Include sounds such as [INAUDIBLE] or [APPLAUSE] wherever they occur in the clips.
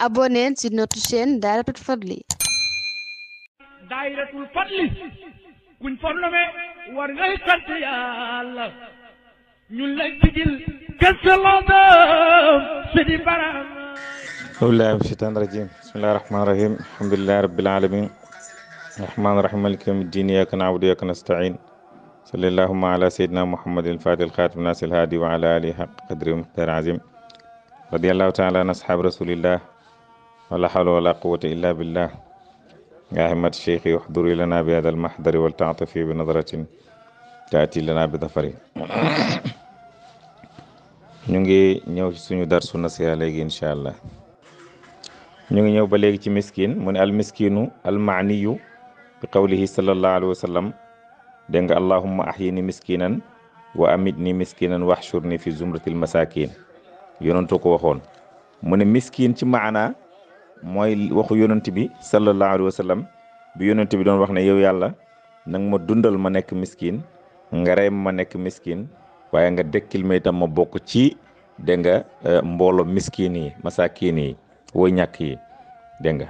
abonnez sur notre chaîne Dahiratoul Fadly Dahiratoul Fadly kuñ fornome war ngay sant yàlla ñun lay digil kësalaadam sidi baram awlaahi min shaytaan rajim bismillahi rahmaan rahim alhamdulillahi rabbil alamin rahmaan rahim maliki yawmi ddin iyyaka na'budu wa iyyaka nasta'in salli allahumma ala sayyidina muhammadin al-fatih al-khatim nasir al-hadi wa ala alihi haqq qadri muqtar azim radiyallahu ta'ala an ashab rasulillah wala hawla wala quwwata illa billah ya himmat cheikhi uhduri lana bi hada almahdari wal taatafi bi nadratin taati lana bi dafari [COUGHS] ñu ngi ñëw ci suñu darsu nasiha léegi incha allah ñu ngi ñëw ba léegi ci miskin mu ne al miskinu al maaniyu bi qawlihi sallallahu alayhi wa sallam dégg nga allahumma ahyini miskinan wa amitni miskinan waxshurni fi zumratil masakin yonentu ko waxoon mu miskin ci maana mooy waxu yonent bi sallallahu alayhi wa sallam bi yonent bi doon wax na yow yàlla nanga ma dundal ma nekk miskin nga rey ma nekk miskin waaye nga dekkil ma itam ma bokk ci dégg nga euh, mboolo miskin yi masakin yi woy ñàkk yi dégg nga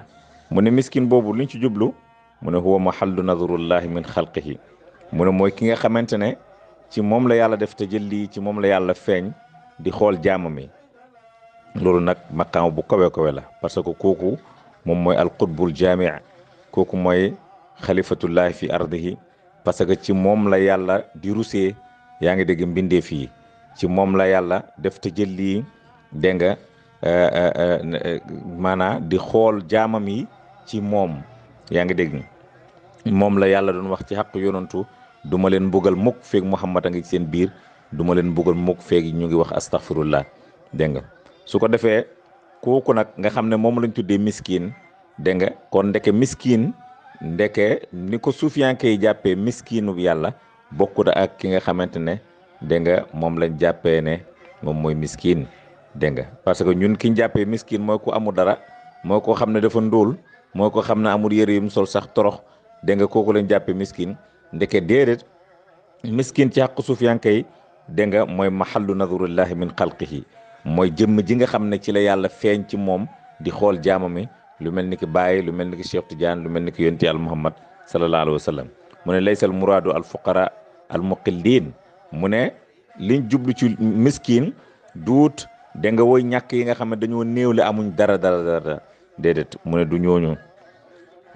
mu ne miskin boobu liñ ci jublu mu ne huwa mahallu nazarullahi min xalqihi mu ne mooy ki nga xamante ne ci moom la yàlla def te jël lii ci moom la yàlla feeñ di xool jaamam yi loolu nag maqaama bu kawe kawe la parce que kooku moom mooy alqutbul jaamia kooku mooy xalifatullahi fi ardihi parce que ci moom la yàlla di rusee yaa ngi dégg mbindeef fii ci moom la yàlla def te jël lii dégg nga euh, euh, euh, maanaa di xool jaamam yi ci moom yaa ngi dégg moom la yàlla doon wax ci xaq yonontu du ma leen mbugal mukk feeg Muhammad a ngi seen biir duma leen mbugal mukk feeg ñu ngi wax astaghfirullah dégg nga su ko defee kooku nag nga xam ne moom lañ tuddee miskin dégg nga kon ndeke miskiin ndeke ni ko suufiyanke yi jàppee miskinu yàlla bokkut ak ki nga xamante ne dégg nga moom lañ jàppee ne moom mooy miskin dégg nga parce que ñun ki jàppee miskin mooy ku amul dara moo ko xam ne dafa nduul moo ko xam ne amul yëre yum sol sax torox dégg nga kooku lañ jàppee miskin ndeke déedéet miskin ci xàq suufiyanke yi de nga mooy mahallu nadurullahi min xalqihi mooy jëmm ji nga xam ne ci la yàlla feeñ ci moom di xool jaama mi lu mel ni ki Baye lu mel ni ki Cheikh Tidiane lu mel ni ki yonti yàlla Muhammad sallallahu alayhi wa sallam mu ne laysal muraadu al fuqara al muqillin mu ne liñ jublu ci miskin duut da nga woy ñàkk yi nga xam ne dañoo néew la amuñ dara dara dara déedéet mu ne du ñooñu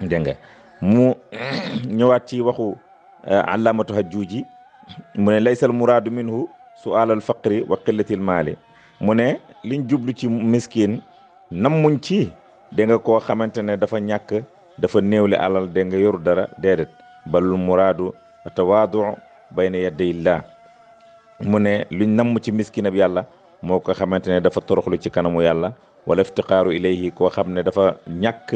dégg nga mu [COUGHS] ñëwaat ci waxu euh, allamatu hajjuji mu ne laysal muraadu minhu su'aalal faqri wa qillatil maali mu ne liñ jublu ci miskin nammuñ ci da koo xamante ne dafa ñàkk dafa néewle alal da nga yoru dara déedéet balul muraadu tawaadu bayna yaddayillah mu ne luñ namm ci miskina ab yàlla moo ko xamante ne dafa toroxlu ci kanamu yàlla wala iftiqaaru ilayhi koo xam ne dafa ñàkk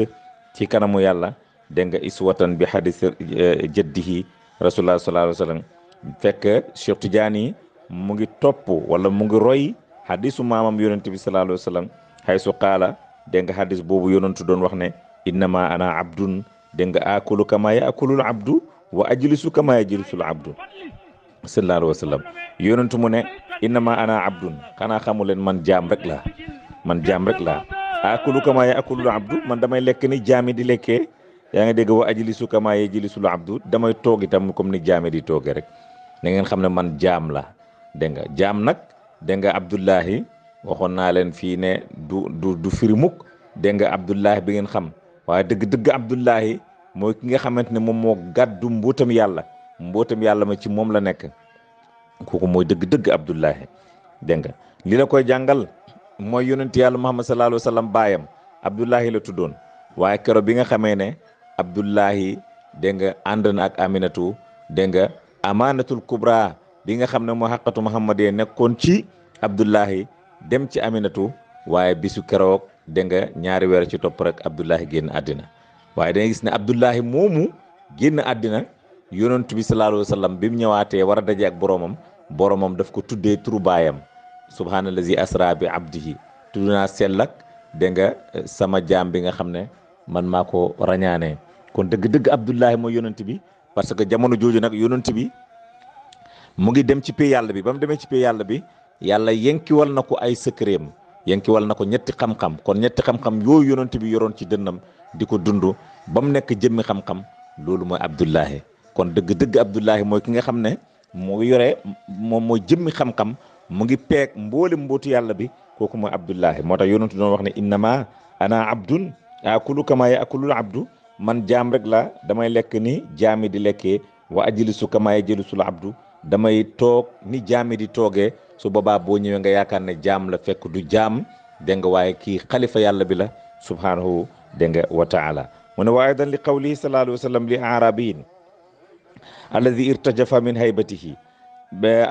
ci kanamu yàlla da nga iswatan bi hadis eh, jaddihi rasulullah sallallahu alayhi wa fekk Cheikh Tidiane yi mu ngi topp wala mu ngi roy hadisu maamam yonente bi sallallahu alayhi wa sallam haysu qaala dégg nga hadis boobu yonentu doon wax ne innama ana abdun dégg nga aakulu kama yaakulul abdu wa ajlisu kama yajlisul abdu sallallahu alayhi wa sallam yonentu mu ne innama ana abdun xanaa xamu leen man jaam rek man jaam rek laa aakulu kama yaakulul abdu man damay lekk ni jaami di lekke yaa ngi dégg wa ajlisu kama yajlisul abdu damay toog itam comme ni jaami di tooge rek na ngeen xam ne man jaam la dégg nga jaam nag dégg nga Abdullahi waxoon naa leen fii ne du du du firi mukk dégg nga Abdullahi bi ngeen xam waaye dëgg-dëgg Abdullahi mooy ki nga xamante ne moom moo gàddu mbootam yàlla mbootam yàlla ma ci moom la nekk kooku mooy dëgg-dëgg Abdullahi dégg nga li la koy jàngal mooy yonent yàlla Muhammad sallallahu alayhi wa sallam baayam Abdullahi la tuddoon waaye kero bi nga xamee ne Abdullahi dégg nga ànd na ak Aminatu dégg nga amaanatul kubra bi nga xam ne moo xaqatu Muhammad yee nekkoon ci Abdullahi dem ci Aminatu waaye bisu keroog dégg nga ñaari weer ci topp rek Abdullahi génn àddina waaye da gis ne Abdullahi moomu génn àddina yonent bi sallallahu alayhi wa sallam bi mu ñëwaatee war a daje ak boromam boromam daf ko tuddee turu baayam subhaanallazi asra bi abdihi tudd naa sell ak dégg nga eh, sama jaam bi nga xam ne man maa ko rañaanee kon dëgg-dëgg Abdullahi mooy yonent bi parce que jamono jooju nag yonent bi. mu ngi dem ci pay yàlla bi ba mu demee ci pay yàlla bi yàlla yenkiwal na ko ay secret am yenkiwal na ko ñetti xam-xam kon ñetti xam-xam yooyu yonent bi yoroon ci dënnam di ko dund ba mu nekk jëmmi xam-xam loolu mooy Abdullahi kon dëgg-dëgg Abdullahi mooy ki nga xam ne mu yore moom mooy jëmmi xam-xam mu ngi peeg mboole mbootu yàlla bi kooku mooy Abdullahi moo tax yonent doon wax ne innama ana abdun akulu kama yakulul abdu man jaam rek la damay lekk ni jaami di lekkee wa ajlisu kama yajlisul abdu damay toog ni jaami di toogee su boobaa boo ñëwee nga yaakaar ne jaam la fekk du jaam dégg waaye kii xalifa yàlla bi la subhaanahu dégg nga wa taala mu ne wa aydan li qawlihi sallallahu alayhi wa sallam li arabiyin alladi irtajafa min haybatihi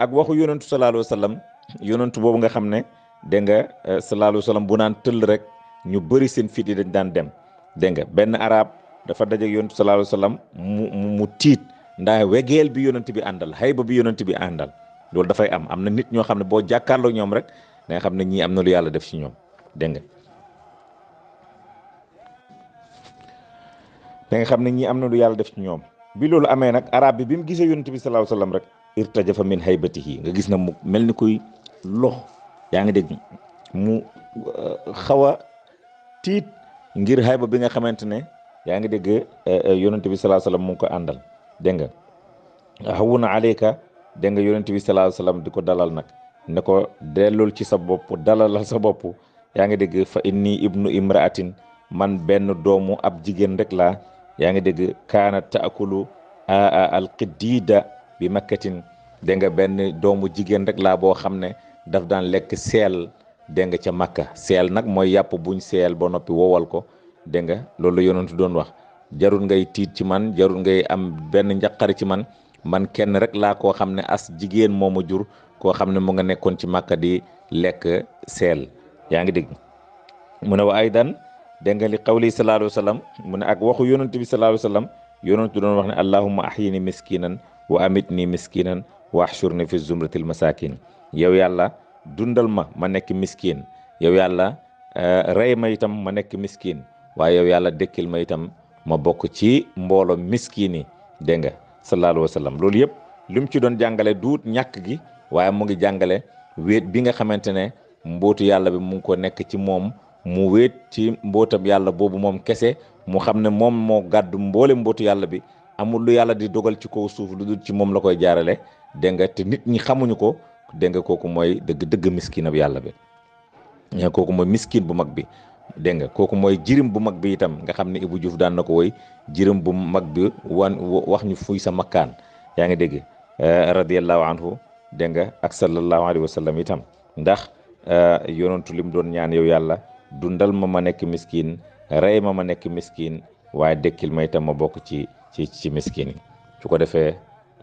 ak waxu yonentu sallallahu alayhi wa boobu nga xam ne dégg nga eh, sallallahu alayhi bu naan tëll rek ñu bëri seen fit yi dañ daan dem dégg nga benn arab dafa daje yonentu sallallahu alayhi wa mu tiit ndax wegeel bi yonent bi àndal xayba bi yonent bi àndal loolu dafay am am na nit ñoo xam ne boo jàkkaarloo ñoom rek da xam ne ñii am na lu yàlla def ci ñoom dégg nga da xam ne ñii am na lu yàlla def ci ñoom bi loolu amee nag arab bi bi mu gisee yonent bi sallallahu alayhi wasallam rek irtajafa min haybatihi nga gis na mu mel ni kuy lox yaa ngi dégg mu euh, xaw tiit ngir xayba bi nga xamante ne yaa ngi dégg euh, euh, yonent bi sallallahu alayhi wasallam mu ngi ko àndal dégg nga xawu na aleyka dégg nga yonent bi sallallahu alayhi di ko dalal nag ne ko dellul ci sa bopp dalalal sa boppu yaa ngi dégg fa inni ibnu imraatin man benn doomu ab jigéen rek laa yaa ngi dégg kaana taakulu alqidida bi makkatin dégg nga benn doomu jigéen rek laa boo xam ne daf daan lekk seel dégg nga ca makka seel nag mooy yàpp buñ seel ba noppi wowal ko dégg loolu la yonentu doon wax jarul ngay tiit ci man jarul ngay am benn njaqar ci man man kenn rek laa koo xam ne as jigéen moo ma jur koo xam ne mu nga nekkoon ci màkka di lekk seel yaa ngi dégg mu ne wa aydan dégg nga li qawli sallallahu alayhi wa mu ne ak waxu yonent bi sallallahu alayhi wa sallam yonent doon wax ne allahumma ahyini miskinan wa amitni miskinan wa ahshurni fi zumratil masakin yow yàlla dundal ma ma nekk miskin yow yàlla eh, rey ma itam ma nekk miskin waaye yow yàlla dekkil ma itam ma bokk ci mboolo miskini dégg nga sallallahu alayhi wa loolu yëpp li mu ci doon jàngale duut ñàkk gi waaye mu ngi jàngale wéet bi nga xamante ne mbootu yàlla bi mu ngi ko nekk ci moom mu wéet ci mbootam yàlla boobu moom kese mu xam ne moom moo gàddu mboole mbootu yàlla bi amul lu yàlla di dogal ci kaw suuf lu dul ci moom la koy jaarale dégg nga te nit ñi xamuñu ko dégg nga kooku mooy dëgg dëgg miskin yàlla bi kooku mooy miskin bu mag bi dégg nga kooku mooy jirim bu mag bi itam nga xam ne Ibou Diouf daan na ko woy jirim bu mag bi wan wax ñu fuy sa makkaan yaa ngi dégg euh, radiallahu anhu dégg nga ak sallallahu alayhi wa sallam itam ndax euh, yonentu li doon ñaan yow yàlla dundal ma ma nekk miskin rey ma ma nekk miskin waaye dekkil ma itam ma bokk ci ci ci miskin yi su ko defee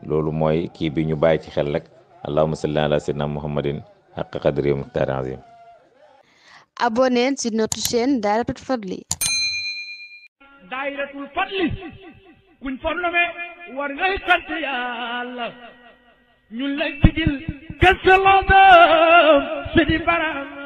loolu mooy kii bi ñu bàyyi ci xel rek allahumma salli ala sayyidina muhammadin haqqa qadri wa miqdaari azim abonné ci notre chaîne Dahiratoul Fadly Dahiratoul Fadly kuñ fornome war ngay sant yàlla ñun lay sigil kese loo doom si di